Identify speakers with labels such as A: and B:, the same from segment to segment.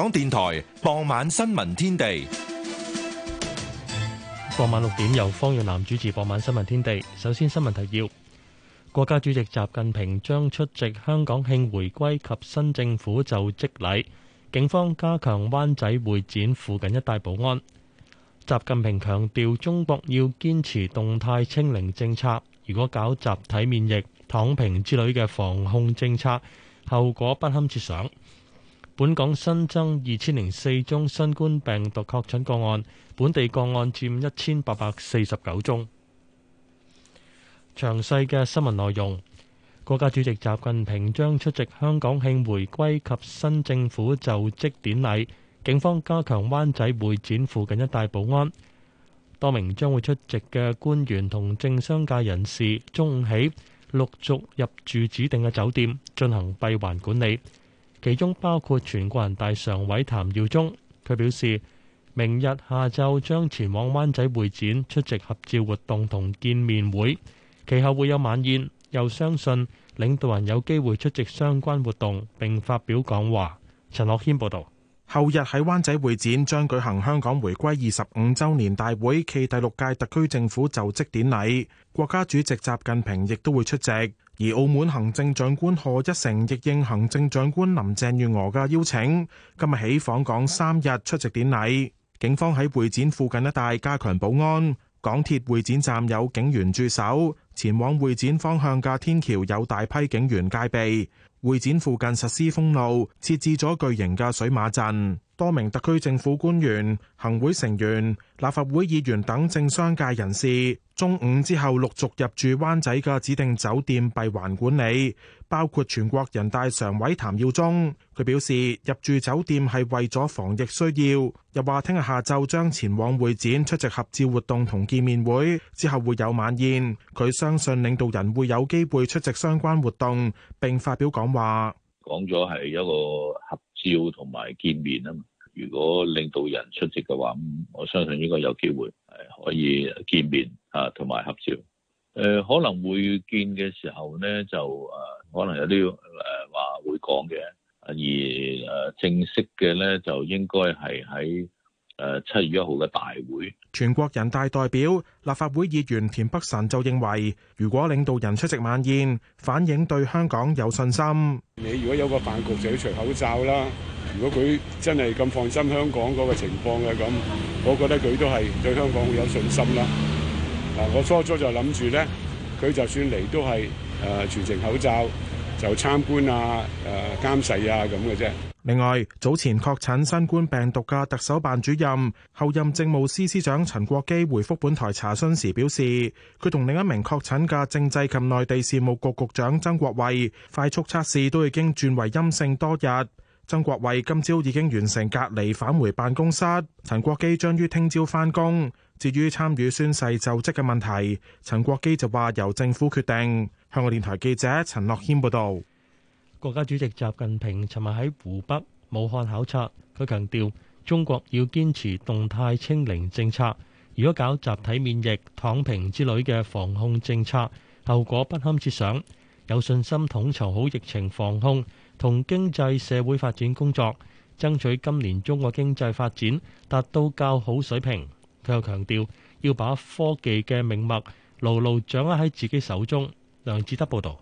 A: 香港電台傍晚新聞天
B: 地，傍晚六點由方耀南主持。傍晚新聞天地，首先新聞提要：國家主席習近平將出席香港慶回歸及新政府就職禮。警方加強灣仔會展附近一帶保安。習近平強調，中國要堅持動態清零政策，如果搞集體免疫、躺平之類嘅防控政策，後果不堪設想。本港新增二千零四宗新冠病毒確診個案，本地個案佔一千八百四十九宗。詳細嘅新聞內容，國家主席習近平將出席香港慶回歸及新政府就職典禮。警方加強灣仔會展附近一帶保安，多名將會出席嘅官員同政商界人士，中午起陸續入住指定嘅酒店進行閉環管理。其中包括全國人大常委譚耀宗，佢表示，明日下晝將前往灣仔會展出席合照活動同見面會，其後會有晚宴，又相信領導人有機會出席相關活
C: 動並發表講話。陳樂軒報導，後日喺灣仔會展將舉行香港回歸二十五週年大會暨第六屆特區政府就職典禮，國家主席習近平亦都會出席。而澳門行政長官賀一誠亦應行政長官林鄭月娥嘅邀請，今日起訪港三日出席典禮。警方喺會展附近一帶加強保安，港鐵會展站有警員駐守，前往會展方向嘅天橋有大批警員戒備，會展附近實施封路，設置咗巨型嘅水馬陣。多名特區政府官員、行會成員、立法會議員等政商界人士，中午之後陸續入住灣仔嘅指定酒店閉環管理，包括全國人大常委譚耀宗，佢表示入住酒店係為咗防疫需要。又話聽日下晝將前往會展出席合照活動同見面會，之後會有晚宴。佢相信領導人會有機會出席相關活動並發表講話，
D: 講咗係一個合照同埋見面啊。如果領導人出席嘅話，我相信應該有機會係可以見面啊，同埋合照。誒可能會見嘅時候咧，就誒可能有啲誒話會講嘅，而誒正式嘅咧就應該係喺誒七月一號嘅大會。
C: 全國人大代表、立法會議員田北辰就認為，如果領導人出席晚宴，反映對香港有信心。
D: 你如果
E: 有個飯局就要除口罩啦。如果佢真係咁放心香港嗰個情況嘅，咁，我覺得佢都係對香港會有信心啦。嗱，我初初就諗住咧，佢就算嚟都係誒全程口罩就參觀啊、誒監視啊咁嘅啫。
C: 另外，早前確診新冠病毒嘅特首辦主任、候任政務司司長陳國基回覆本台查詢時表示，佢同另一名確診嘅政制及內地事務局局局長曾國衛快速測試都已經轉為陰性多日。曾國衛今朝已經完成隔離，返回辦公室。陳國基將於聽朝翻工。至於參與宣誓就職嘅問題，陳國基就話由政府決定。香港電台記者陳樂謙報道。
B: 國家主席習近平尋日喺湖北武漢考察，佢強調中國要堅持動態清零政策。如果搞集體免疫、躺平之類嘅防控政策，後果不堪設想。有信心統籌好疫情防控，同經濟社會發展工作，爭取今年中國經濟發展達到較好水平。佢又強調要把科技嘅命脈牢牢掌握喺自己手中。梁志德報導。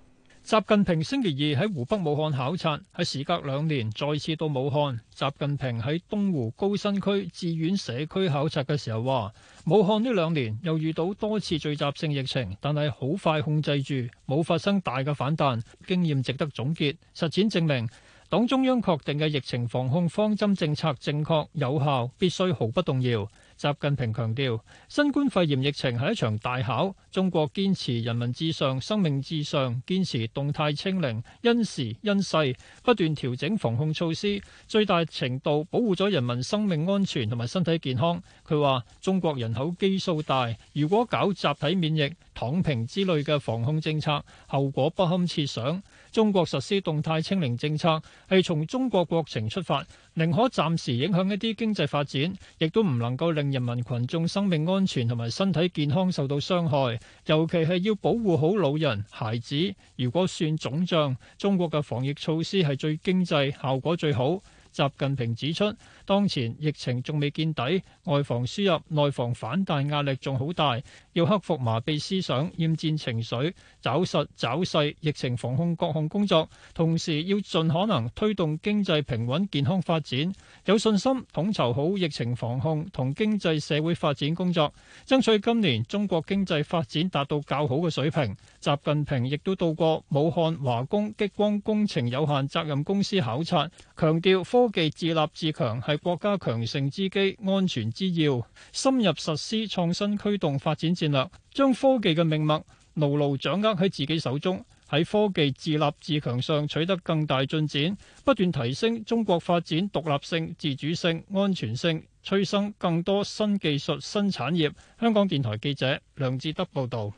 F: 習近平星期二喺湖北武漢考察，喺時隔兩年再次到武漢。習近平喺東湖高新區智苑社區考察嘅時候話，武漢呢兩年又遇到多次聚集性疫情，但係好快控制住，冇發生大嘅反彈，經驗值得總結。實踐證明，黨中央確定嘅疫情防控方針政策正確有效，必須毫不動搖。習近平強調，新冠肺炎疫情係一場大考，中國堅持人民至上、生命至上，堅持動態清零，因時因勢不斷調整防控措施，最大程度保護咗人民生命安全同埋身體健康。佢話：中國人口基數大，如果搞集體免疫、躺平之類嘅防控政策，後果不堪設想。中國實施動態清零政策，係從中國國情出發，寧可暫時影響一啲經濟發展，亦都唔能夠令人民群眾生命安全同埋身體健康受到傷害，尤其係要保護好老人、孩子。如果算總賬，中國嘅防疫措施係最經濟，效果最好。習近平指出，當前疫情仲未見底，外防輸入、內防反彈壓力仲好大，要克服麻痹思想、厭戰情緒，抓實抓細疫情防控各項工作，同時要盡可能推動經濟平穩健康發展，有信心統籌好疫情防控同經濟社會發展工作，爭取今年中國經濟發展達到較好嘅水平。習近平亦都到過武漢華工激光工程有限責任公司考察，強調科技自立自強係國家強盛之基、安全之要，深入實施創新驅動發展戰略，將科技嘅命脈牢牢掌握喺自己手中，喺科技自立自強上取得更大進展，不斷提升中國發展獨立性、自主性、安全性，催生更多新技術、新產業。香港電台記者梁志德報道。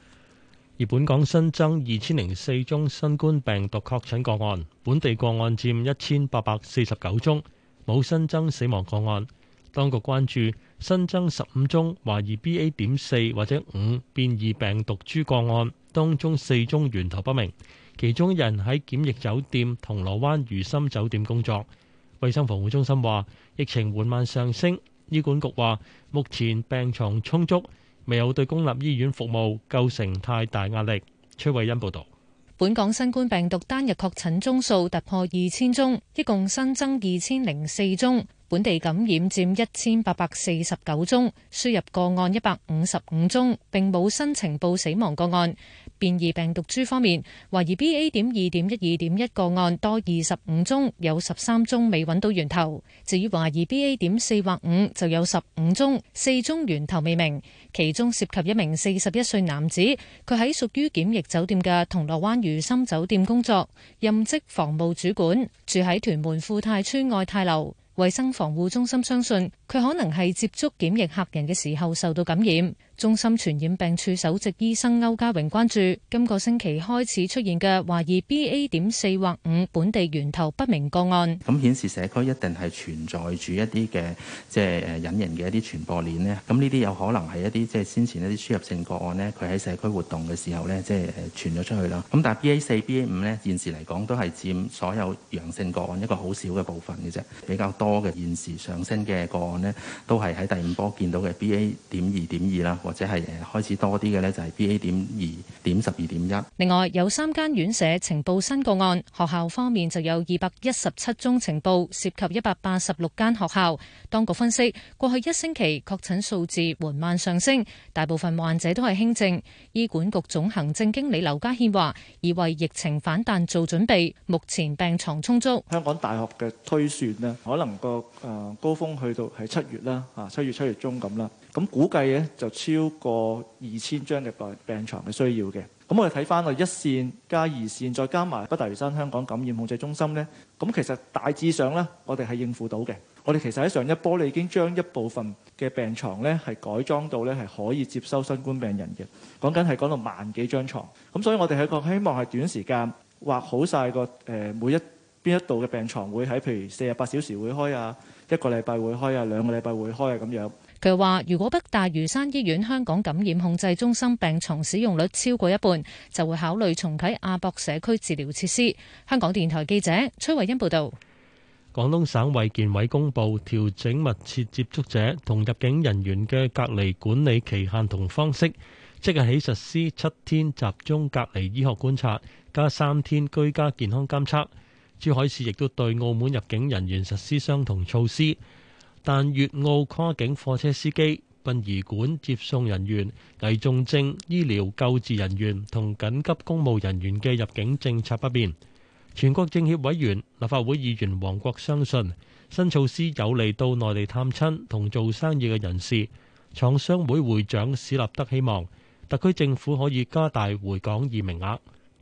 B: 而本港新增二千零四宗新冠病毒確診個案，本地個案佔一千八百四十九宗，冇新增死亡個案。當局關注新增十五宗懷疑 BA. 點四或者五變異病毒株個案，當中四宗源頭不明，其中一人喺檢疫酒店銅鑼灣如心酒店工作。衛生防護中心話疫情緩慢上升，醫管局話目前病床充足。未有對公立醫院服務構成太大壓力。崔慧欣報導。
G: 本港新冠病毒單日確診宗數突破二千宗，一共新增二千零四宗，本地感染佔一千八百四十九宗，輸入個案一百五十五宗，並冇新呈報死亡個案。變異病毒株方面，懷疑 BA. 點二點一二點一個案多二十五宗，有十三宗未揾到源頭。至於懷疑 BA. 點四或五，就有十五宗，四宗源頭未明，其中涉及一名四十一歲男子，佢喺屬於檢疫酒店嘅銅鑼灣如心酒店工作，任職房務主管，住喺屯門富泰邨愛泰樓。衛生防護中心相信佢可能係接觸檢疫客人嘅時候受到感染。中心傳染病處首席醫生歐家榮關注今個星期開始出現嘅懷疑 B A. 點四或五本地源頭不明個案，
A: 咁顯示社區一定係存在住一啲嘅，即係誒隱形嘅一啲傳播鏈呢，咁呢啲有可能係一啲即係先前一啲輸入性個案呢，佢喺社區活動嘅時候呢，即係傳咗出去啦。咁但係 B A. 四、B A. 五呢，現時嚟講都係佔所有陽性個案一個好少嘅部分嘅啫。比較多嘅現時上升嘅個案呢，都係喺第五波見到嘅 B A. 點二點二啦。或者係開始多啲嘅呢，就係 BA. 點二、點十二、點一。
G: 另外有三間院舍呈報新個案，學校方面就有二百一十七宗呈報，涉及一百八十六間學校。當局分析過去一星期確診數字緩慢上升，大部分患者都係輕症。醫管局總行政經理劉家軒話，以為疫情反彈做準備，目前病床充足。
A: 香港大學嘅推算呢，可能個誒高峰去到喺七月啦，啊七月、七月中咁啦。咁估計咧就超過二千張嘅病病牀嘅需要嘅。咁我哋睇翻個一線加二線，再加埋北大嶼山香港感染控制中心咧，咁其實大致上咧，我哋係應付到嘅。我哋其實喺上一波咧已經將一部分嘅病牀咧係改裝到咧係可以接收新冠病人嘅。講緊係講到萬幾張牀。咁所以我哋係一個希望係短時間畫好曬個誒每一邊一度嘅病牀會喺譬如四十八小時會開啊，一個禮拜會開啊，兩個禮拜會開啊咁樣。
G: 佢話：如果北大嶼山醫院香港感染控制中心病床使用率超過一半，就會考慮重啟亞博社區治療設施。香港電台記者崔慧欣報道，
B: 廣東省衛健委公布調整密切接觸者同入境人員嘅隔離管理期限同方式，即日起實施七天集中隔離醫學觀察加三天居家健康監測。珠海市亦都對澳門入境人員實施相同措施。但粵澳跨境貨車司機、殯儀館接送人員、危重症醫療救治人員同緊急公務人員嘅入境政策不變，全國政協委員立法會議員黃國，相信新措施有利到內地探親同做生意嘅人士。廠商會會長史立德希望特區政府可以加大
A: 回港易名額。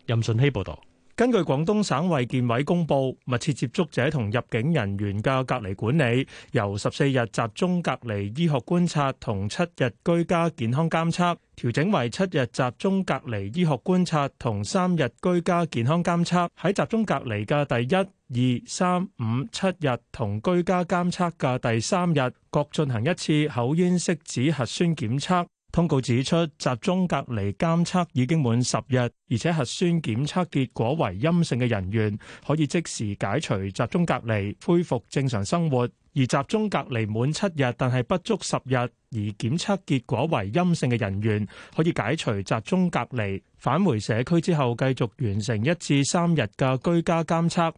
A: 任順希報道。根據廣東省衛健委公佈，密切接觸者同入境人員嘅隔離管理，由十四日集中隔離醫學觀察同七日居家健康監測調整為七日集中隔離醫學觀察同三日居家健康監測。喺集中隔離嘅第一、二、三、五、七日同居家監測嘅第三日，各進行一次口咽拭子核酸檢測。通告指出，集中隔離監測已經滿十日，而且核酸檢測結果為陰性嘅人員，可以即時解除集中隔離，恢復正常生活；而集中隔離滿七日但係不足十日而檢測結果為陰性嘅人員，可以解除集中隔離，返回社區之後，繼續完成一至三日嘅居家監測。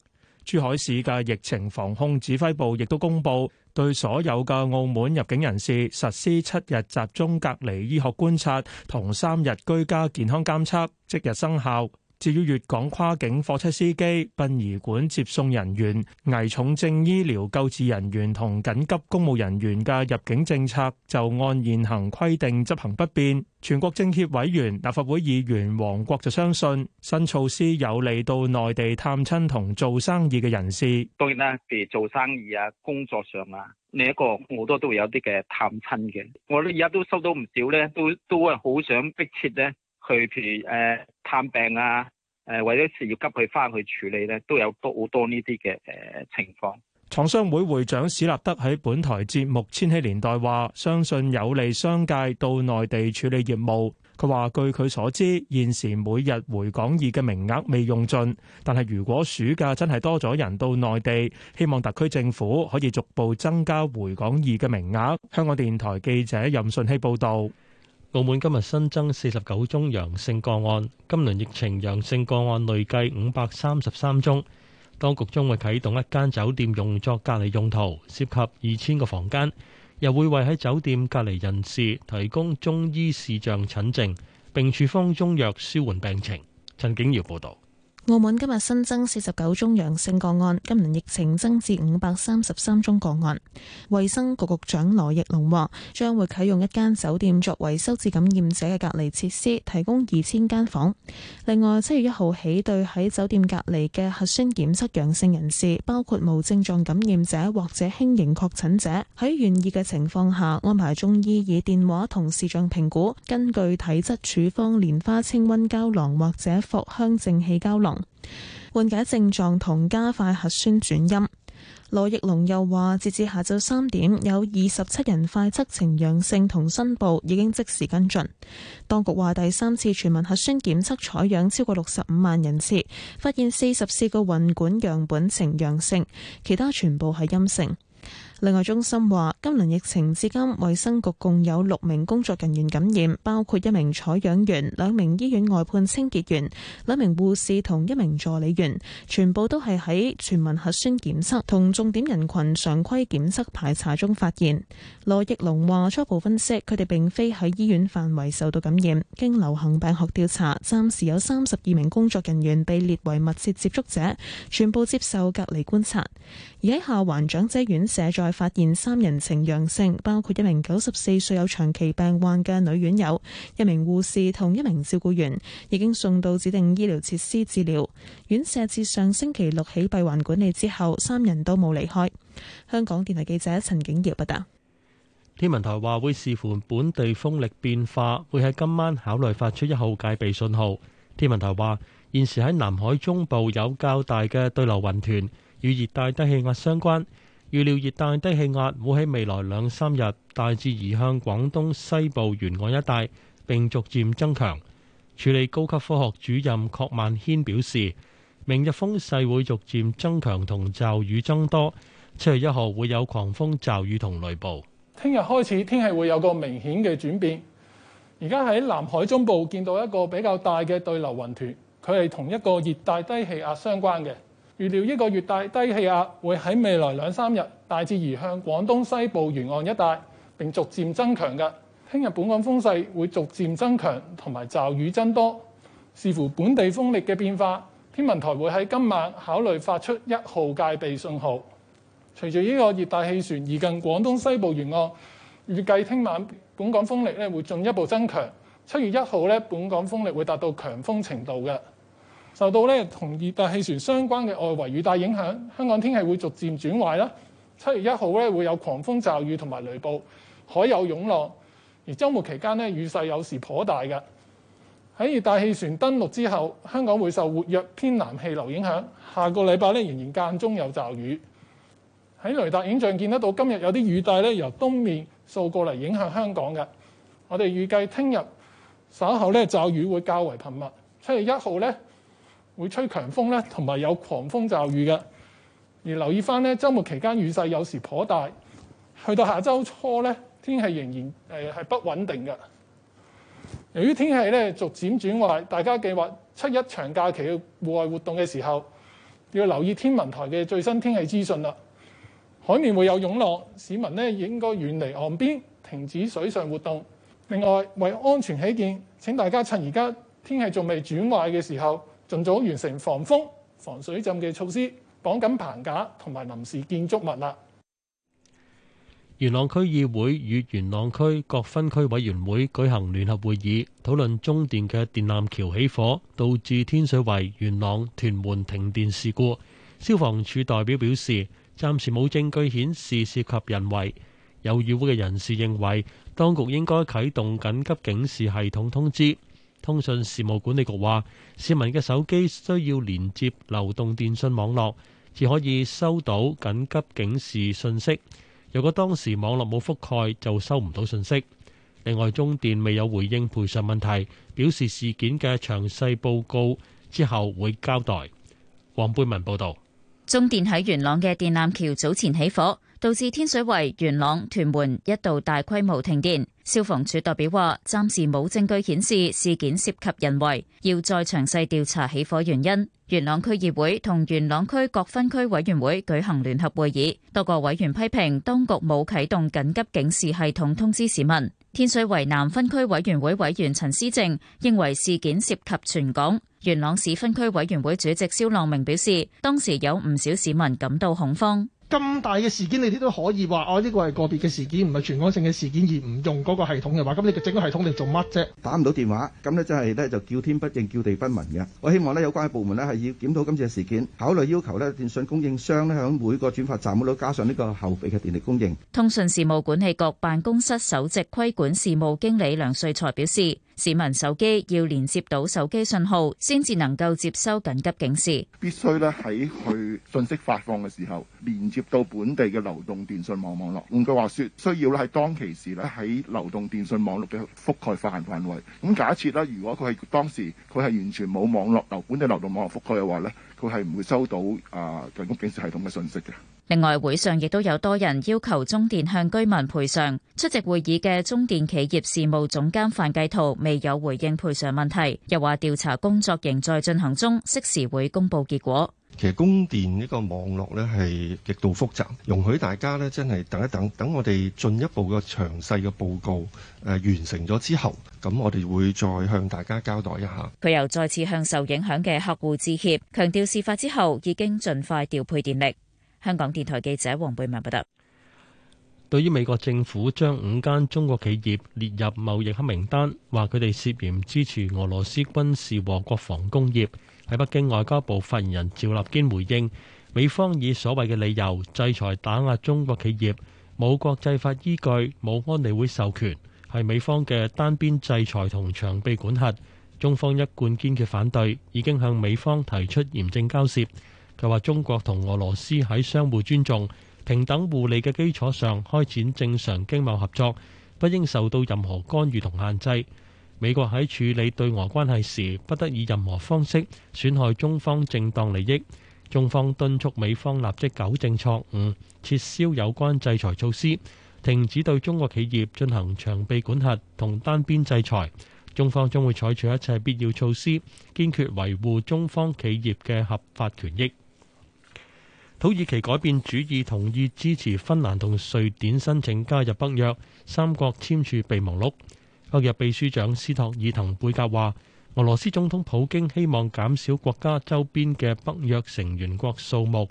A: 珠海市嘅疫情防控指揮部亦都公布。對所有嘅澳門入境人士實施七日集中隔離醫學觀察，同三日居家健康監測，即日生效。至於粵港跨境貨車司機、殯儀館接送人員、危重症醫療救治人員同緊急公務人員嘅入境政策，就按現行規定執行不變。全國政協委員、立法會議員黃國就相信新措施有利到內地探親同做生意嘅人士。
H: 當然啦，譬如做生意啊、工作上啊，另一個好多都會有啲嘅探親嘅。我哋而家都收到唔少咧，都都係好想迫切咧。對住誒探病啊，誒為咗事要急佢翻去處理咧，都有多好多呢啲嘅
I: 誒情況。
A: 廠商會會長史立德喺本台節目《千禧年代》話，相信有利商界到內地處理業務，佢話據佢所知，現時每日回港二嘅名額未用盡，但係如果暑假真係多咗人到內地，希望特區政府可以逐步增加回港二嘅名額。香港電台記者任信希報道。澳門今日新增四十九宗陽性個案，
B: 今輪疫情陽性個案累計五百三十三宗。當局將會啟動一間酒店用作隔離用途，涉及二千個房間，又會為喺酒店隔離人士提供中醫視像診症，並處方中藥舒緩病情。陳景耀報道。
J: 澳門今日新增四十九宗陽性個案，今年疫情增至五百三十三宗個案。衛生局局長羅奕龍話，將會啟用一間酒店作為收治感染者嘅隔離設施，提供二千間房。另外，七月一號起，對喺酒店隔離嘅核酸檢測陽性人士，包括無症狀感染者或者輕型確診者，喺願意嘅情況下，安排中醫以電話同視像評估，根據體質處方蓮花清瘟膠囊或者藿香正氣膠囊。緩解症狀同加快核酸轉陰。羅奕龍又話，截至下晝三點，有二十七人快測呈陽性同申報，已經即時跟進。當局話，第三次全民核酸檢測採樣超過六十五萬人次，發現四十四個運管樣本呈陽性，其他全部係陰性。另外，中心話，今輪疫情至今，衛生局共有六名工作人員感染，包括一名採樣員、兩名醫院外判清潔員、兩名護士同一名助理員，全部都係喺全民核酸檢測同重點人群常規檢測排查中發現。羅奕龍話初步分析，佢哋並非喺醫院範圍受到感染，經流行病學調查，暫時有三十二名工作人員被列為密切接觸者，全部接受隔離觀察。而喺下環長者院舍在發現三人呈陽性，包括一名九十四歲有長期病患嘅女院友、一名護士同一名照顧員，已經送到指定醫療設施治療。院舍自上星期六起閉環管理之後，三人都冇離開。香港電台記者陳景堯報導。
B: 天文台話會視乎本地風力變化，會喺今晚考慮發出一號戒備信號。天文台話，現時喺南海中部有較大嘅對流雲團，與熱帶低氣壓相關。預料熱帶低氣壓會喺未來兩三日大致移向廣東西部沿岸一帶，並逐漸增強。處理高級科學主任郭萬軒表示，明日風勢會逐漸增強同驟雨增多，七月一號會有狂風驟雨同雷暴。
E: 聽日開始天氣會有個明顯嘅轉變，而家喺南海中部見到一個比較大嘅對流雲團，佢係同一個熱帶低氣壓相關嘅。預料呢個熱帶低氣壓會喺未來兩三日大致移向廣東西部沿岸一帶，並逐漸增強嘅。聽日本港風勢會逐漸增強，同埋驟雨增多。視乎本地風力嘅變化，天文台會喺今晚考慮發出一號戒備信號。隨住呢個熱帶氣旋移近廣東西部沿岸，預計聽晚本港風力咧會進一步增強。七月一號咧，本港風力會達到強風程度嘅。受到咧同熱帶氣旋相關嘅外圍雨帶影響，香港天氣會逐漸轉壞啦。七月一號咧會有狂風驟雨同埋雷暴，海有湧浪。而週末期間咧雨勢有時頗大嘅。喺熱帶氣旋登陸之後，香港會受活躍偏南氣流影響。下個禮拜咧仍然間中有驟雨。喺雷達影像見得到，今日有啲雨帶咧由東面掃過嚟影響香港嘅。我哋預計聽日稍後咧驟雨會較為頻密。七月一號咧，會吹強風咧，同埋有狂風驟雨嘅。而留意翻咧，週末期間雨勢有時頗大。去到下周初咧，天氣仍然誒係不穩定嘅。由於天氣咧逐漸轉壞，大家計劃七一長假期嘅戶外活動嘅時候，要留意天文台嘅最新天氣資訊啦。海面會有湧浪，市民咧應該遠離岸邊，停止水上活動。另外，為安全起見，請大家趁而家天氣仲未轉壞嘅時候，盡早完成防風、防水浸嘅措施，綁緊棚架同埋臨時建築物啦。
B: 元朗區議會與元朗區各分區委員會舉行聯合會議，討論中電嘅電纜橋起火，導致天水圍元朗屯門停電事故。消防處代表表示，暫時冇證據顯示涉及人為。有議會嘅人士認為，當局應該啟動緊急警示系統通知。通訊事務管理局話，市民嘅手機需要連接流動電信網絡，才可以收到緊急警示信息。如果當時網絡冇覆蓋，就收唔到信息。另外，中電未有回應賠償問題，表示事件嘅詳細報告之後會交代。黃貝文報道，
K: 中電喺元朗嘅電纜橋早前起火。導致天水圍、元朗、屯門一度大規模停電。消防處代表話，暫時冇證據顯示事件涉及人為，要再詳細調查起火原因。元朗區議會同元朗區各分區委員會舉行聯合會議，多個委員批評當局冇啟動緊急警示系統通知市民。天水圍南分區委員會委員陳思正認為事件涉及全港。元朗市分區委員會主席蕭浪明表示，當時有唔少市民感到恐慌。
F: 咁大嘅事件，你哋都可以話哦，呢個係個別嘅事件，唔係全港性嘅事件，而唔用嗰個系統嘅話，咁你整個系統嚟做乜啫？
A: 打唔到電話，咁咧真係咧就叫天不應，叫地不聞嘅。我希望咧有關部門咧係要檢討今次嘅事件，考慮要求咧電信供應商咧響每個轉發站嗰度加上呢個後備嘅電力供應。
K: 通訊事務管理局辦公室首席規管事務經理梁瑞才表示。市民手機要連接到手機信號，先至能夠接收緊急警示。
E: 必須咧喺佢信息發放嘅時候連接到本地嘅流動電信網網絡。換句話說，需要咧喺當其時咧喺流動電信網絡嘅覆蓋發行範圍。咁假設咧，如果佢係當時佢係完全冇網絡流本地流動網絡覆蓋嘅話咧，佢係唔會收到啊緊急警示系統嘅信息嘅。
K: 另外，會上亦都有多人要求中電向居民賠償。出席會議嘅中電企業事務總監范繼濤未有回應賠償問題，又話調查工作仍在進行中，適時會公布結果。
F: 其實供電呢個網絡呢係極度複雜，容許大家呢真係等一等，等我哋進一步嘅詳細嘅報告誒完成咗之後，咁我哋會再向大家交代一下。
K: 佢又再次向受影響嘅客戶致歉，強調事發之後已經盡快調配電力。香港電台記者黃貝文報道，
B: 對於美國政府將五間中國企業列入貿易黑名單，話佢哋涉嫌支持俄羅斯軍事和國防工業，喺北京外交部發言人趙立堅回應：美方以所謂嘅理由制裁打壓中國企業，冇國際法依據，冇安理會授權，係美方嘅單邊制裁同長臂管轄，中方一貫堅決反對，已經向美方提出嚴正交涉。就話：中國同俄羅斯喺相互尊重、平等互利嘅基礎上開展正常經貿合作，不應受到任何干預同限制。美國喺處理對俄關係時，不得以任何方式損害中方正當利益。中方敦促美方立即糾正錯誤，撤銷有關制裁措施，停止對中國企業進行長臂管轄同單邊制裁。中方將會採取一切必要措施，堅決維護中方企業嘅合法權益。土耳其改變主意，同意支持芬蘭同瑞典申請加入北約，三國簽署備忘錄。北約秘書長斯托爾滕貝格話：俄羅斯總統普京希望減少國家周邊嘅北約成員國數目，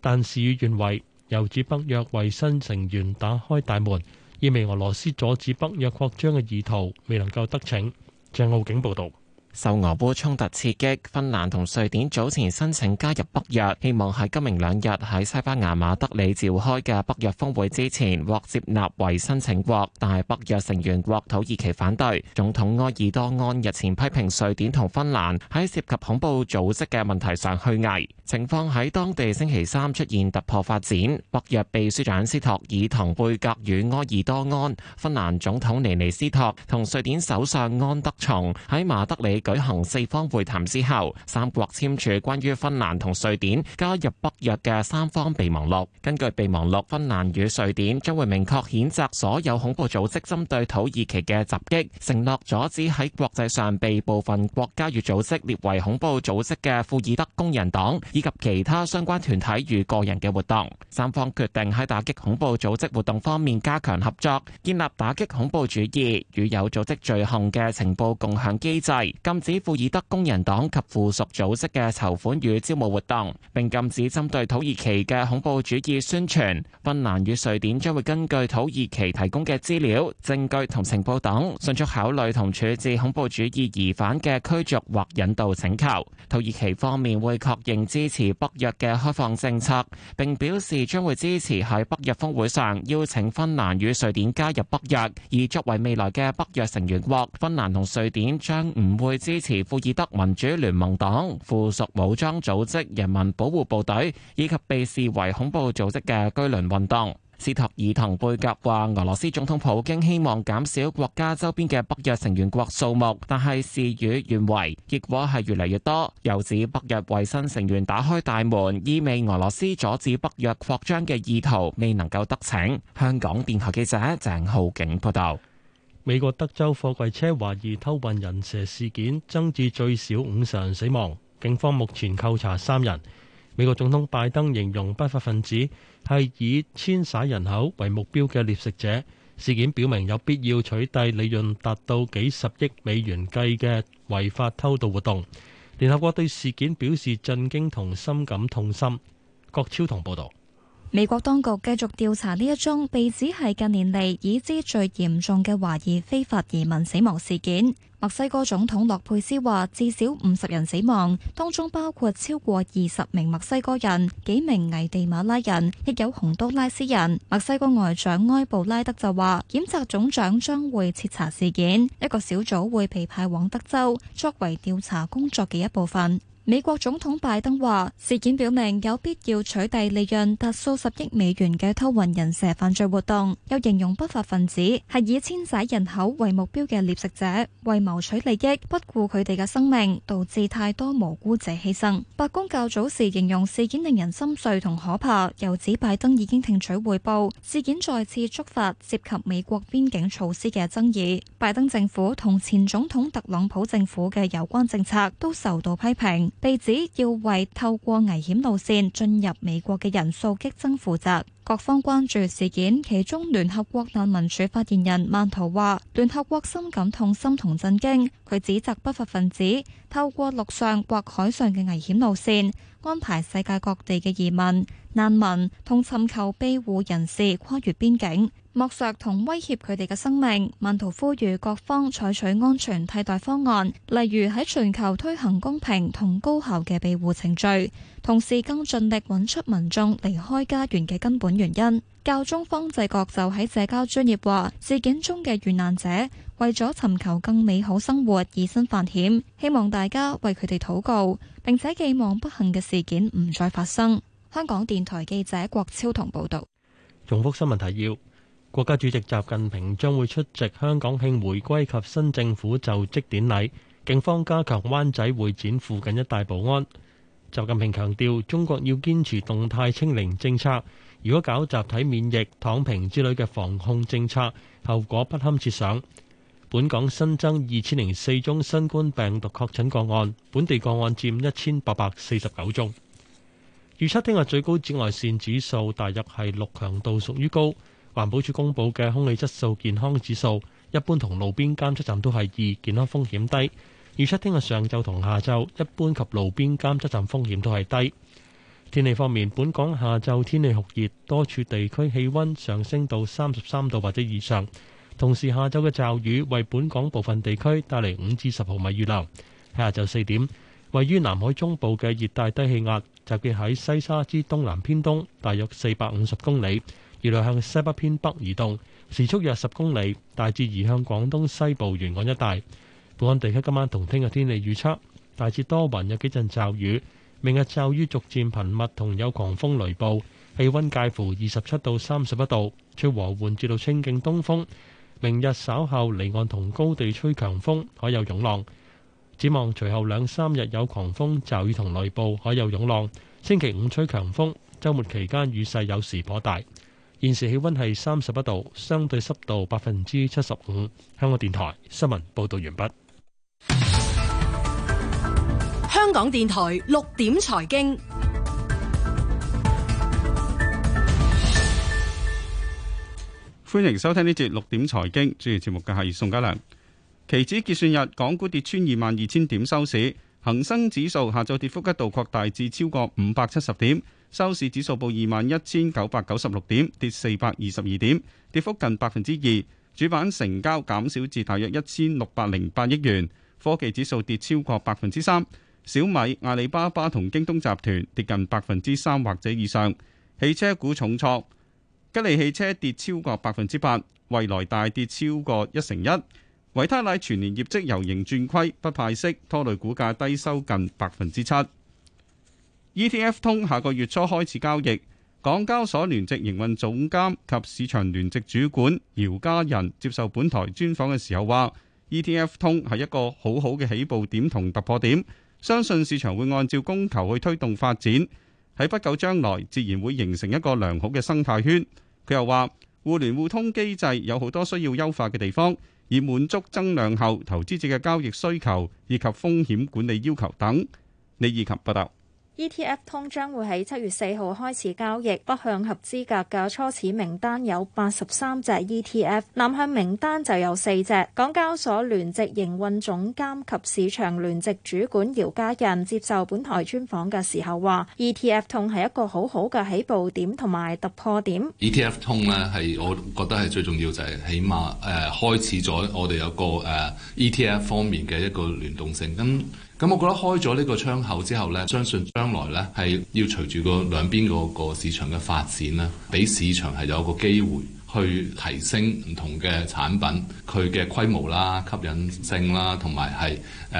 B: 但事與願違，又指北約為新成員打開大門，意味俄羅斯
H: 阻止北約擴張嘅意圖未能夠得逞。鄭傲景報導。受俄烏衝突刺激，芬蘭同瑞典早前申請加入北約，希望喺今明兩日喺西班牙馬德里召開嘅北約峰會之前獲接納為申請國。但係北約成員國土耳其反對。總統埃爾多安日前批評瑞典同芬蘭喺涉及恐怖組織嘅問題上虛偽。情況喺當地星期三出現突破發展。北約秘書長斯托爾滕貝格與埃爾多安、芬蘭總統尼尼斯托同瑞典首相安德松喺馬德里舉行四方會談之後，三國簽署關於芬蘭同瑞典加入北約嘅三方備忘錄。根據備忘錄，芬蘭與瑞典將會明確譴責所有恐怖組織針對土耳其嘅襲擊，承諾阻止喺國際上被部分國家與組織列為恐怖組織嘅庫爾德工人黨。以及其他相關團體與個人嘅活動，三方決定喺打擊恐怖組織活動方面加強合作，建立打擊恐怖主義與有組織罪行嘅情報共享機制，禁止庫爾德工人黨及附屬組織嘅籌款與招募活動，並禁止針對土耳其嘅恐怖主義宣傳。芬蘭與瑞典將會根據土耳其提供嘅資料、證據同情報等，迅速考慮同處置恐怖主義疑犯嘅驅逐或引渡請求。土耳其方面會確認之支持北約嘅開放政策，並表示將會支持喺北約峰會上邀請芬蘭與瑞典加入北約，而作為未來嘅北約成員國。芬蘭同瑞典將唔會支持庫爾德民主聯盟黨附屬武裝組織人民保護部隊，以及被視為恐怖組織嘅居倫運動。斯托爾滕貝格話：俄羅斯總統普京希望減少國家周邊嘅北約成員國數目，但係事與願違，結果係越嚟越多。又指北約為新成員打開大門，意味俄羅斯阻止北約擴張嘅意圖未能夠得逞。香港電台記者鄭浩景報道：美國德州貨櫃車懷疑偷運人蛇事件增至最
B: 少五十人死亡，警方目前扣查三人。美國總統拜登形容不法分子。係以遷徙人口為目標嘅獵食者，事件表明有必要取締利潤達到幾十億美元計嘅違法偷渡活動。聯合國對事件表示震驚同深感痛心。郭超同報
D: 道。
L: 美國當局繼續調查呢一宗被指係近年嚟，已知最嚴重嘅懷疑非法移民死亡事件。墨西哥總統洛佩斯話，至少五十人死亡，當中包括超過二十名墨西哥人、幾名危地馬拉人，亦有洪都拉斯人。墨西哥外長埃布拉德就話，檢察總長將會徹查事件，一個小組會被派往德州，作為調查工作嘅一部分。美國總統拜登話，事件表明有必要取締利潤達數十億美元嘅偷運人蛇犯罪活動，又形容不法分子係以遷徙人口為目標嘅獵食者，為謀取利益不顧佢哋嘅生命，導致太多無辜者犧牲。白宮較早時形容事件令人心碎同可怕，又指拜登已經聽取匯報，事件再次觸發涉及美國邊境措施嘅爭議。拜登政府同前總統特朗普政府嘅有關政策都受到批評。被指要為透過危險路線進入美國嘅人數激增負責。各方關注事件，其中聯合國難民署發言人曼圖話：聯合國深感痛心同震驚，佢指責不法分子透過陸上或海上嘅危險路線，安排世界各地嘅移民、難民同尋求庇護人士跨越邊境，剝削同威脅佢哋嘅生命。曼圖呼籲各方採取安全替代方案，例如喺全球推行公平同高效嘅庇護程序。同時，更盡力揾出民眾離開家園嘅根本原因。教宗方制各方濟各就喺社交專業話：事件中嘅遇難者為咗尋求更美好生活，以身犯險，希望大家為佢哋禱告，並且寄望不幸嘅事件唔再發生。香港電台記者郭超同報道。
B: 重複新聞提要：國家主席習近平將會出席香港慶回歸及新政府就職典禮。警方加強灣仔會展附近一帶保安。習近平強調，中國要堅持動態清零政策，如果搞集體免疫、躺平之類嘅防控政策，後果不堪設想。本港新增二千零四宗新冠病毒確診個案，本地個案佔一千八百四十九宗。預測聽日最高紫外線指數大約係六強度，屬於高。環保署公布嘅空氣質素健康指數，一般同路邊監測站都係二，健康風險低。預測聽日上晝同下晝一般及路邊監測站風險都係低。天氣方面，本港下晝天氣酷熱，多處地區氣溫上升到三十三度或者以上。同時，下晝嘅驟雨為本港部分地區帶嚟五至十毫米雨量。下晝四點，位於南海中部嘅熱帶低氣壓集結喺西沙之東南偏東，大約四百五十公里，預料向西北偏北移動，時速約十公里，大致移向廣東西部沿岸一帶。本港地區今晚同聽日天氣預測，大致多雲，有幾陣驟雨。明日驟雨逐漸頻密，同有狂風雷暴。氣溫介乎二十七到三十一度，吹和緩至到清勁東風，明日稍後離岸同高地吹強風，海有湧浪。展望隨後兩三日有狂風驟雨同雷暴，海有湧浪。星期五吹強風，周末期間雨勢有時頗大。現時氣溫係三十一度，相對濕度百分之七十五。香港電台新聞報道完畢。
M: 香港電台六點財經，
I: 歡迎收聽呢節六點財經。主持節目嘅係宋家良。期指結算日，港股跌穿二萬二千點收市。恒生指數下晝跌幅一度擴大至超過五百七十點，收市指數報二萬一千九百九十六點，跌四百二十二點，跌幅近百分之二。主板成交減少至大約一千六百零八億元。科技指數跌超過百分之三，小米、阿里巴巴同京東集團跌近百分之三或者以上。汽車股重挫，吉利汽車跌超過百分之八，蔚來大跌超過一成一。維他奶全年業績由盈轉虧，不派息，拖累股價低收近百分之七。ETF 通下個月初開始交易。港交所聯席營運總監及市場聯席主管姚嘉仁接受本台專訪嘅時候話。ETF 通係一個好好嘅起步點同突破點，相信市場會按照供求去推動發展，喺不久將來自然會形成一個良好嘅生態圈。佢又話，互聯互通機制有好多需要優化嘅地方，以滿足增量後投資者嘅交易需求以及風險管理要求等。李以勤報道。
N: ETF 通將會喺七月四號開始交易，北向合資格嘅初始名單有八十三隻 ETF，南向名單就有四隻。港交所聯席營運總監及市場聯席主管姚嘉仁接受本台專訪嘅時候話，ETF 通係一個好好嘅起步點同埋突破點。
D: ETF 通呢，係我覺得係最重要就係起碼誒、呃、開始咗我哋有個誒、呃、ETF 方面嘅一個聯動性咁。咁我覺得開咗呢個窗口之後呢，相信將來呢係要隨住個兩邊個個市場嘅發展呢，俾市場係有個機會去提升唔同嘅產品，佢嘅規模啦、吸引性啦，同埋係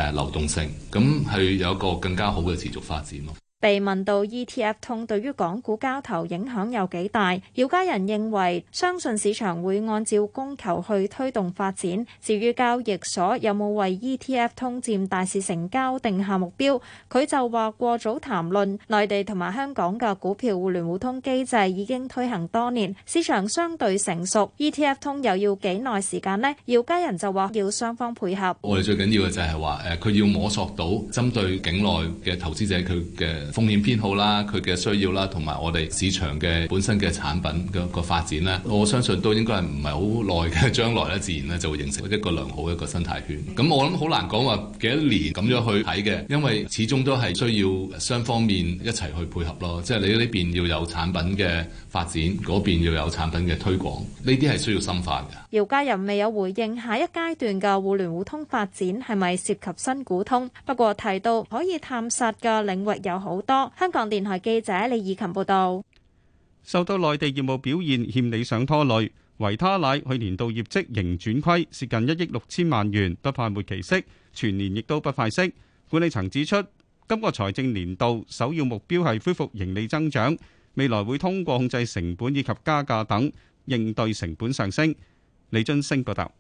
D: 誒流動性，咁係有一個更加好嘅持續發展咯。
N: 被問到 ETF 通對於港股交投影響有幾大，姚嘉仁認為相信市場會按照供求去推動發展。至於交易所有冇為 ETF 通佔大市成交定下目標，佢就話過早談論。內地同埋香港嘅股票互聯互通機制已經推行多年，市場相對成熟。ETF 通又要幾耐時間呢？姚嘉仁就話要雙方配合。我
D: 哋最緊要嘅就係話，誒佢要摸索到針對境內嘅投資者佢嘅。風險偏好啦，佢嘅需要啦，同埋我哋市場嘅本身嘅產品嘅個發展咧，我相信都應該係唔係好耐嘅將來咧，自然咧就會形成一個良好嘅一個生態圈。咁我諗好難講話幾多年咁樣去睇嘅，因為始終都係需要雙方面一齊去配合咯。即係你呢邊要有產品嘅發展，嗰邊要有產品嘅推廣，呢啲係需要深化嘅。
N: 姚家仁未有回應下一階段嘅互聯互通發展係咪涉及新股通？不過提到可以探索嘅領域有好多香港電台記者李以琴報道，
I: 受到內地業務表現欠理想拖累，維他奶去年度業績盈轉虧，蝕近一億六千萬元，不派末期息，全年亦都不快息。管理層指出，今個財政年度首要目標係恢復盈利增長，未來會通過控制成本以及加價等應對成本上升。李津升報道。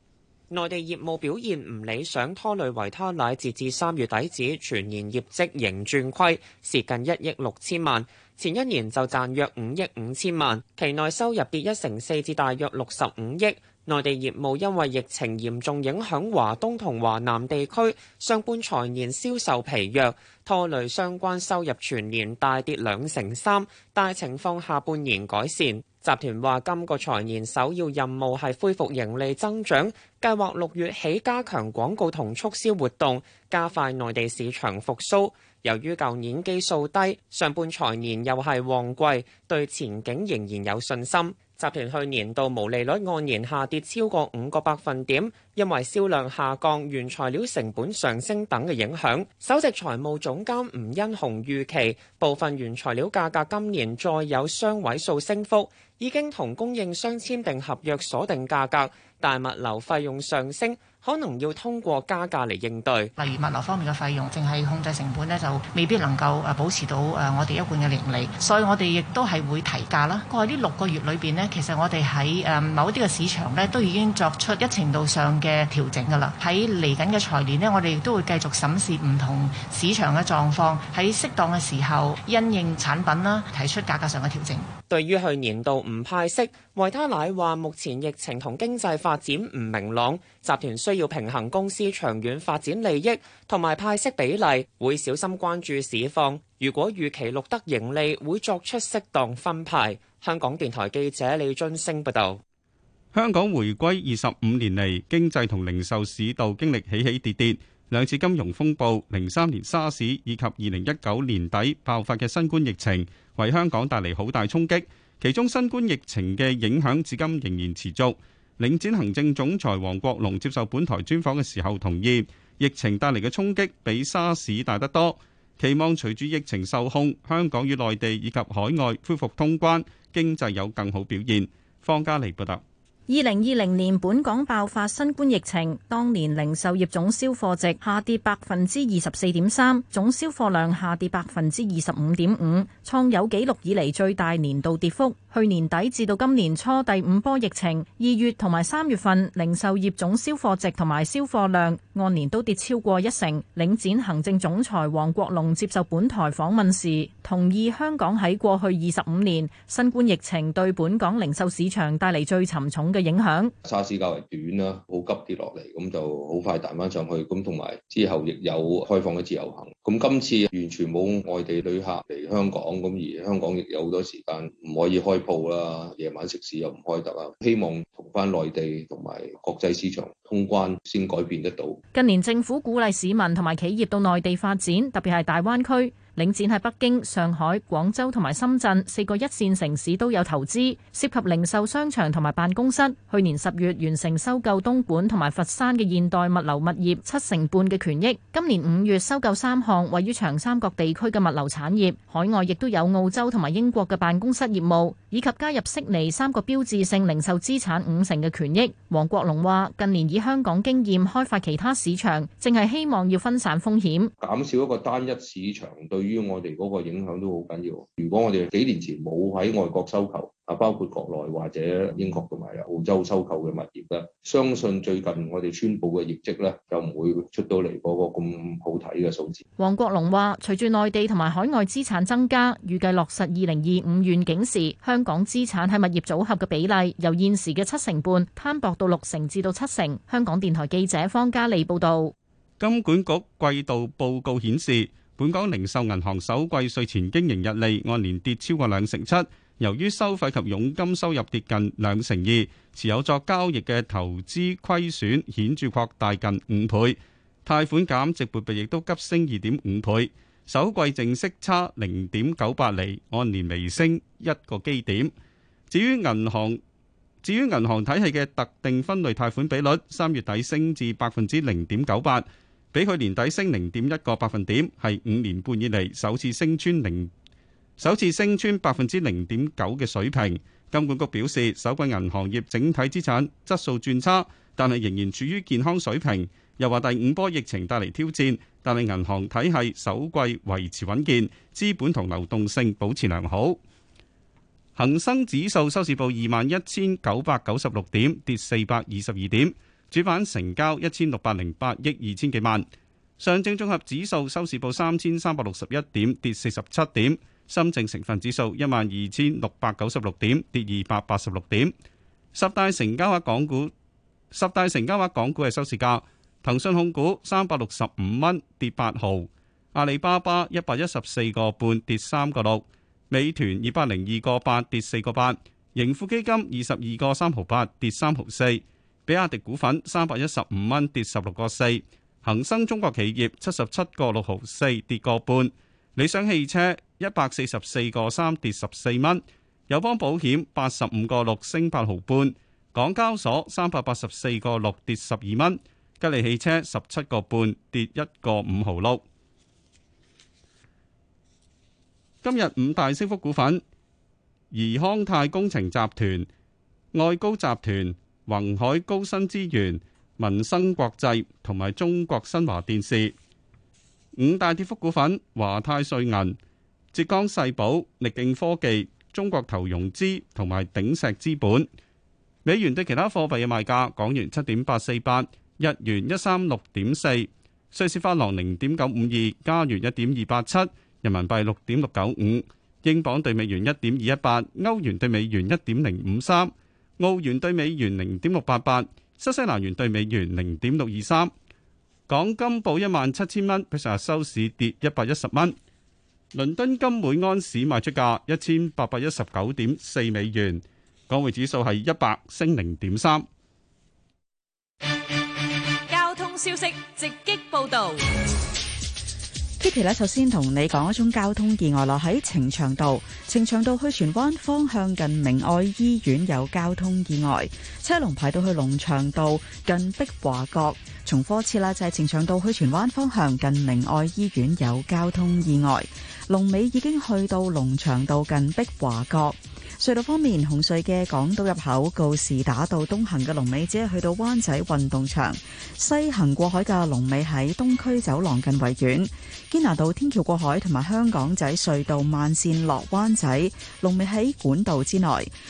O: 內地業務表現唔理想，拖累維他奶截至三月底止，全年業績仍轉虧蝕近一億六千萬，前一年就賺約五億五千萬，期內收入跌一成四至大約六十五億。內地業務因為疫情嚴重影響華東同華南地區，上半財年銷售疲弱，拖累相關收入全年大跌兩成三，但情況下半年改善。集團話今個財年首要任務係恢復盈利增長，計劃六月起加強廣告同促銷活動，加快內地市場復甦。由於舊年基數低，上半財年又係旺季，對前景仍然有信心。集團去年度毛利率按年下跌超過五個百分點，因為銷量下降、原材料成本上升等嘅影響。首席財務總監吳欣雄預期部分原材料價格今年再有雙位數升幅，已經同供應商簽訂合約鎖定價格，但物流費用上升。可能要通過加價嚟應對，例如物流方面嘅費用，淨係控制
M: 成本咧，就未必能夠誒保持到誒我哋一半嘅盈利，所以我哋亦都係會提價啦。過去呢六個月裏邊呢，其實我哋喺誒某啲嘅市場咧，都已經作出一程度上嘅調整㗎啦。喺嚟緊嘅財年呢，我哋亦都會繼續審視唔同市場嘅狀況，喺適當嘅時候因應產品啦，提出價格上嘅調整。
O: 對於去年度唔派息，維他奶話目前疫情同經濟發展唔明朗，集團需要平衡公司長遠發展利益同埋派息比例，會小心關注市況。如果預期錄得盈利，會作出適當分派。香港電台記者李津升報道。
I: 香港回歸二十五年嚟，經濟同零售市道經歷起起跌跌。兩次金融風暴、零三年沙士以及二零一九年底爆發嘅新冠疫情，為香港帶嚟好大衝擊。其中新冠疫情嘅影響至今仍然持續。領展行政總裁王國龍接受本台專訪嘅時候，同意疫情帶嚟嘅衝擊比沙士大得多。期望隨住疫情受控，香港與內地以及海外恢復通關，經濟有更好表現。方嘉莉報道。
M: 二零二零年本港爆發新冠疫情，當年零售業總銷貨值下跌百分之二十四點三，總銷貨量下跌百分之二十五點五，創有紀錄以來最大年度跌幅。去年底至到今年初第五波疫情，二月同埋三月份零售業總銷貨值同埋銷貨量按年都跌超過一成。領展行政總裁王國龍接受本台訪問時，同意香港喺過去二十五年新冠疫情對本港零售市場帶嚟最沉重。嘅影響，
D: 沙士較為短啦，好急跌落嚟，咁就好快彈翻上去。咁同埋之後亦有開放嘅自由行。咁今次完全冇外地旅客嚟香港，咁而香港亦有好多時間唔可以開鋪啦，夜晚食肆又唔開得喇。希望同翻內地同埋國際市場通關先改變得到。
M: 近年政府鼓勵市民同埋企業到內地發展，特別係大灣區。領展喺北京、上海、廣州同埋深圳四個一線城市都有投資，涉及零售商場同埋辦公室。去年十月完成收購東莞同埋佛山嘅現代物流物業七成半嘅權益，今年五月收購三項位於長三角地區嘅物流產業。海外亦都有澳洲同埋英國嘅辦公室業務，以及加入悉尼三個標誌性零售資產五成嘅權益。王國龍話，近年以香港經驗開發其他市場，淨係希望要分散風險，
D: 減少一個單一市場對。對於我哋嗰個影響都好緊要。如果我哋幾年前冇喺外國收購，啊包括國內或者英國同埋澳洲收購嘅物業咧，相信最近我哋宣佈嘅業績咧，就唔會出到嚟嗰個咁好睇嘅數字。
M: 黃國龍話，隨住內地同埋海外資產增加，預計落實二零二五願景時，香港資產喺物業組合嘅比例由現時嘅七成半攤薄到六成至到七成。香港電台記者方嘉利報導。
I: 金管局季度報告顯示，本港零售銀行首季稅前經營溢利按年跌超過兩成七，由於收費及佣金收入跌近兩成二，持有作交易嘅投資虧損顯著擴大近五倍，貸款減值撥備亦都急升二點五倍，首季淨息差零點九八釐，按年微升一個基點。至於銀行，至於銀行體系嘅特定分類貸款比率，三月底升至百分之零點九八。比去年底升零點一個百分點，係五年半以嚟首次升穿零，首次升穿百分之零點九嘅水平。金管局表示，首季銀行業整體資產質素轉差，但係仍然處於健康水平。又話第五波疫情帶嚟挑戰，但係銀行體系首季維持穩健，資本同流動性保持良好。恒生指數收市報二萬一千九百九十六點，跌四百二十二點。主板成交一千六百零八億二千幾萬，上證綜合指數收市報三千三百六十一點，跌四十七點；深證成分指數一萬二千六百九十六點，跌二百八十六點。十大成交額港股十大成交額港股嘅收市價：騰訊控股三百六十五蚊，跌八毫；阿里巴巴一百一十四個半，跌三個六；美團二百零二個八，跌四個八；盈富基金二十二個三毫八，跌三毫四。比亞迪股份三百一十五蚊，跌十六個四，恒生中國企業七十七個六毫四，跌個半，理想汽車一百四十四個三，跌十四蚊，友邦保險八十五個六，升八毫半，港交所三百八十四個六，跌十二蚊，吉利汽車十七個半，跌一個五毫六。今日五大升幅股份：怡康泰工程集團、愛高集團。宏海高新資源、民生國際同埋中國新華電視。五大跌幅股份：華泰瑞銀、浙江世寶、力勁科技、中國投融資同埋鼎石資本。美元對其他貨幣嘅賣價：港元七點八四八，日元一三六點四，瑞士法郎零點九五二，加元一點二八七，人民幣六點六九五，英鎊對美元一點二一八，歐元對美元一點零五三。澳元兌美元零點六八八，新西蘭元兌美元零點六二三，港金報一萬七千蚊，比上日收市跌一百一十蚊。倫敦金每安士賣出價一千八百一十九點四美元，港匯指數係一百升零點三。
G: 交通消息直擊報導。
P: 呢期咧就先同你講一種交通意外咯，喺呈祥道、呈祥道去荃灣方向近明愛醫院有交通意外，車龍排到去龍翔道近碧華閣。重複次啦，就係呈祥道去荃灣方向近明愛醫院有交通意外，龍尾已經去到龍翔道近碧華閣。隧道方面，紅隧嘅港島入口告士打道東行嘅龍尾只係去到灣仔運動場，西行過海嘅龍尾喺東區走廊近維園。堅拿道天橋過海同埋香港仔隧道慢線落灣仔龍尾喺管道之內。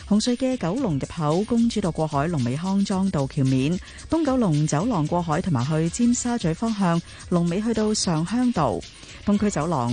P: 紅隧嘅九龍入口公主道過海龍尾康莊道橋面，東九龍走廊過海同埋去尖沙咀方向龍尾去到上鄉道東區走廊。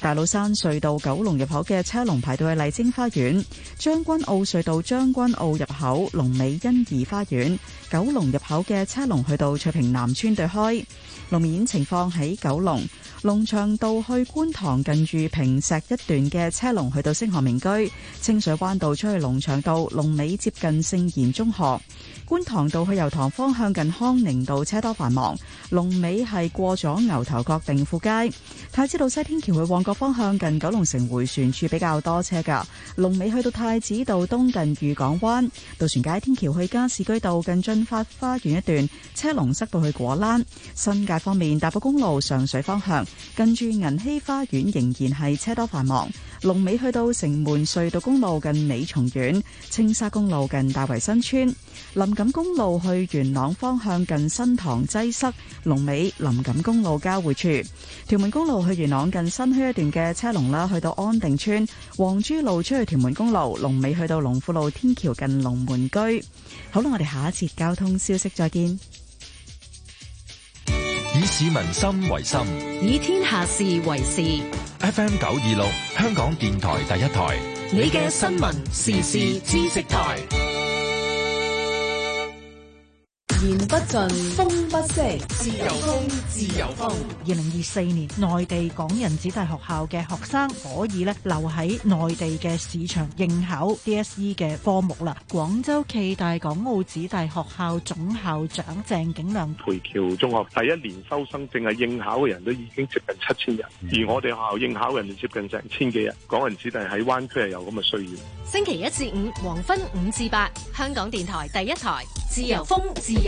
P: 大老山隧道九龍入口嘅車龍排到去麗晶花園，將軍澳隧道將軍澳入口龍尾欣怡花園，九龍入口嘅車龍去到翠屏南村對開，路面情況喺九龍龍翔道去觀塘近住坪石一段嘅車龍去到星河名居，清水灣道出去龍翔道龍尾接近聖賢中學。觀塘道去油塘方向近康寧道車多繁忙，龍尾係過咗牛頭角定富街。太子道西天橋去旺角方向近九龍城回旋處比較多車噶，龍尾去到太子道東近御港灣渡船街天橋去加士居道近駿發花園一段車龍塞到去果欄。新界方面，大埔公路上水方向近住銀禧花園仍然係車多繁忙。龍尾去到城門隧道公路近美松苑、青沙公路近大圍新村、林錦公路去元朗方向近新塘擠塞，龍尾林錦公路交匯處，屯門公路去元朗近新墟一段嘅車龍啦，去到安定村、黃珠路出去屯門公路，龍尾去到龍富路天橋近龍門居。好啦，我哋下一節交通消息再見。
F: 以民
H: 心為心，
P: 以天下事為事。
D: FM 九二六，香港電台第一台，
H: 你嘅新聞時事知識台。言不盡，風不息，
D: 自
M: 由風，自由風。二零二四年，內地港人子弟學校嘅學生可以咧留喺內地嘅市場應考 DSE 嘅科目啦。廣州暨大港澳子弟學校總校長鄭景亮：
A: 培僑中學第一年收生正係
D: 應考嘅人都已經接近七千人，而我哋學校應考嘅人接近成千幾人，港人子弟喺灣區係有咁嘅需要。
M: 星期一至五黃昏五至八，香港電台第
K: 一台，自由風，自由。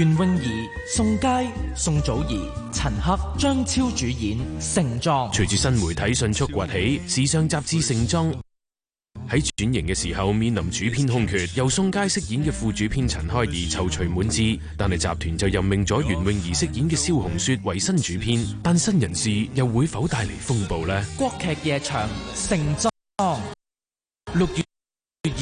A: 袁詠儀、宋佳、宋祖兒、陳赫、張超主演《盛裝》，隨住新媒體迅速崛起，時尚雜誌《盛裝》喺轉型嘅時候面臨主編空缺，由宋佳飾演嘅副主編陳開怡躊躇滿志，但係集團
D: 就任命咗袁詠儀飾演嘅蕭紅雪為新主編，但新人事又會否帶嚟風暴呢？
K: 國劇夜場《盛裝》六月。